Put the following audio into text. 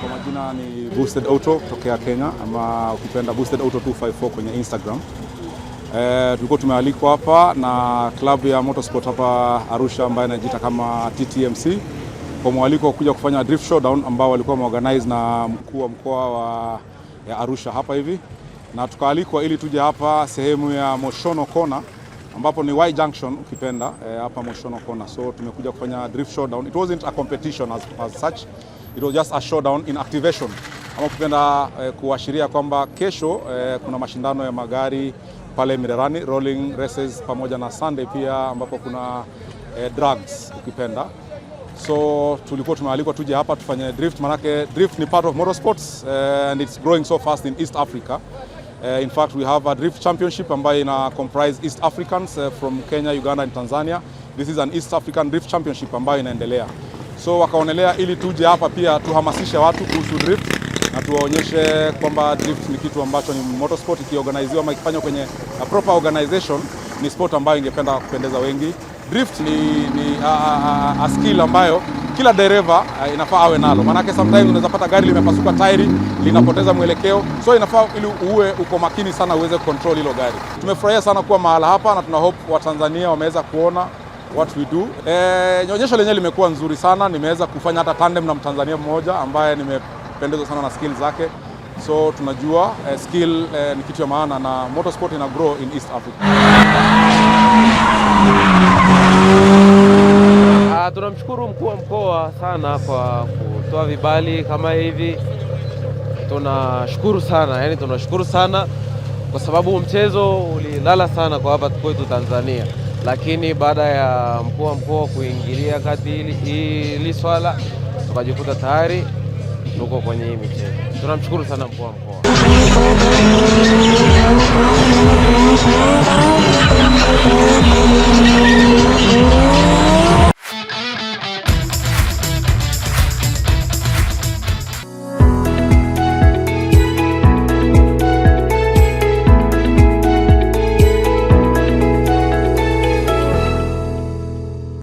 Kwa majina ni Boosted Auto kutokea Kenya, ama ukipenda Boosted Auto 254 kwenye Instagram. Eh, tulikuwa tumealikwa hapa na klabu ya motorsport hapa Arusha ambayo inajiita kama TTMC kwa mwaliko wa kuja kufanya drift showdown ambao walikuwa wameorganize na mkuu wa mkoa wa Arusha hapa hivi, na tukaalikwa ili tuje hapa sehemu ya Moshono Kona ambapo ni Y junction ukipenda eh, hapa eh, Moshono kona. So tumekuja kufanya drift showdown. It wasn't a competition as, as such. It was just a showdown in activation ama ukipenda eh, kuashiria kwamba kesho eh, kuna mashindano ya magari pale Mirerani rolling races pamoja na Sunday pia ambapo kuna eh, drugs ukipenda. So tulikuwa tunaalikwa tuje hapa tufanye drift, manake drift ni part of motorsports eh, and it's growing so fast in East Africa. Uh, in fact we have a drift championship ambayo ina comprise East Africans uh, from Kenya, Uganda and Tanzania. This is an East African drift championship ambayo inaendelea, so wakaonelea ili tuje hapa pia tuhamasishe watu kuhusu drift na tuwaonyeshe kwamba drift ni kitu ambacho ni motorsport, ikiorganiziwa ama ikifanywa kwenye proper organization ni sport ambayo ingependa kupendeza wengi. Drift ni, ni a, a, a skill ambayo kila dereva uh, inafaa awe nalo, maanake sometimes unaweza pata gari limepasuka tairi linapoteza mwelekeo, so inafaa ili uwe uko makini sana uweze control hilo gari. Tumefurahia sana kuwa mahala hapa na tuna hope Watanzania wameweza kuona what we do. Eh, nyonyesho lenyewe limekuwa nzuri sana, nimeweza kufanya hata tandem na Mtanzania mmoja ambaye nimependezwa sana na skill zake, so tunajua eh, skill eh, ni kitu ya maana na motorsport ina grow in East Africa tunamshukuru mkuu wa mkoa sana kwa kutoa vibali kama hivi, tunashukuru sana yani, tunashukuru sana kwa sababu mchezo ulilala sana kwa hapa kwetu Tanzania, lakini baada ya mkuu wa mkoa kuingilia kati hili swala tukajikuta tayari tuko kwenye hii michezo. Tunamshukuru sana mkuu wa mkoa.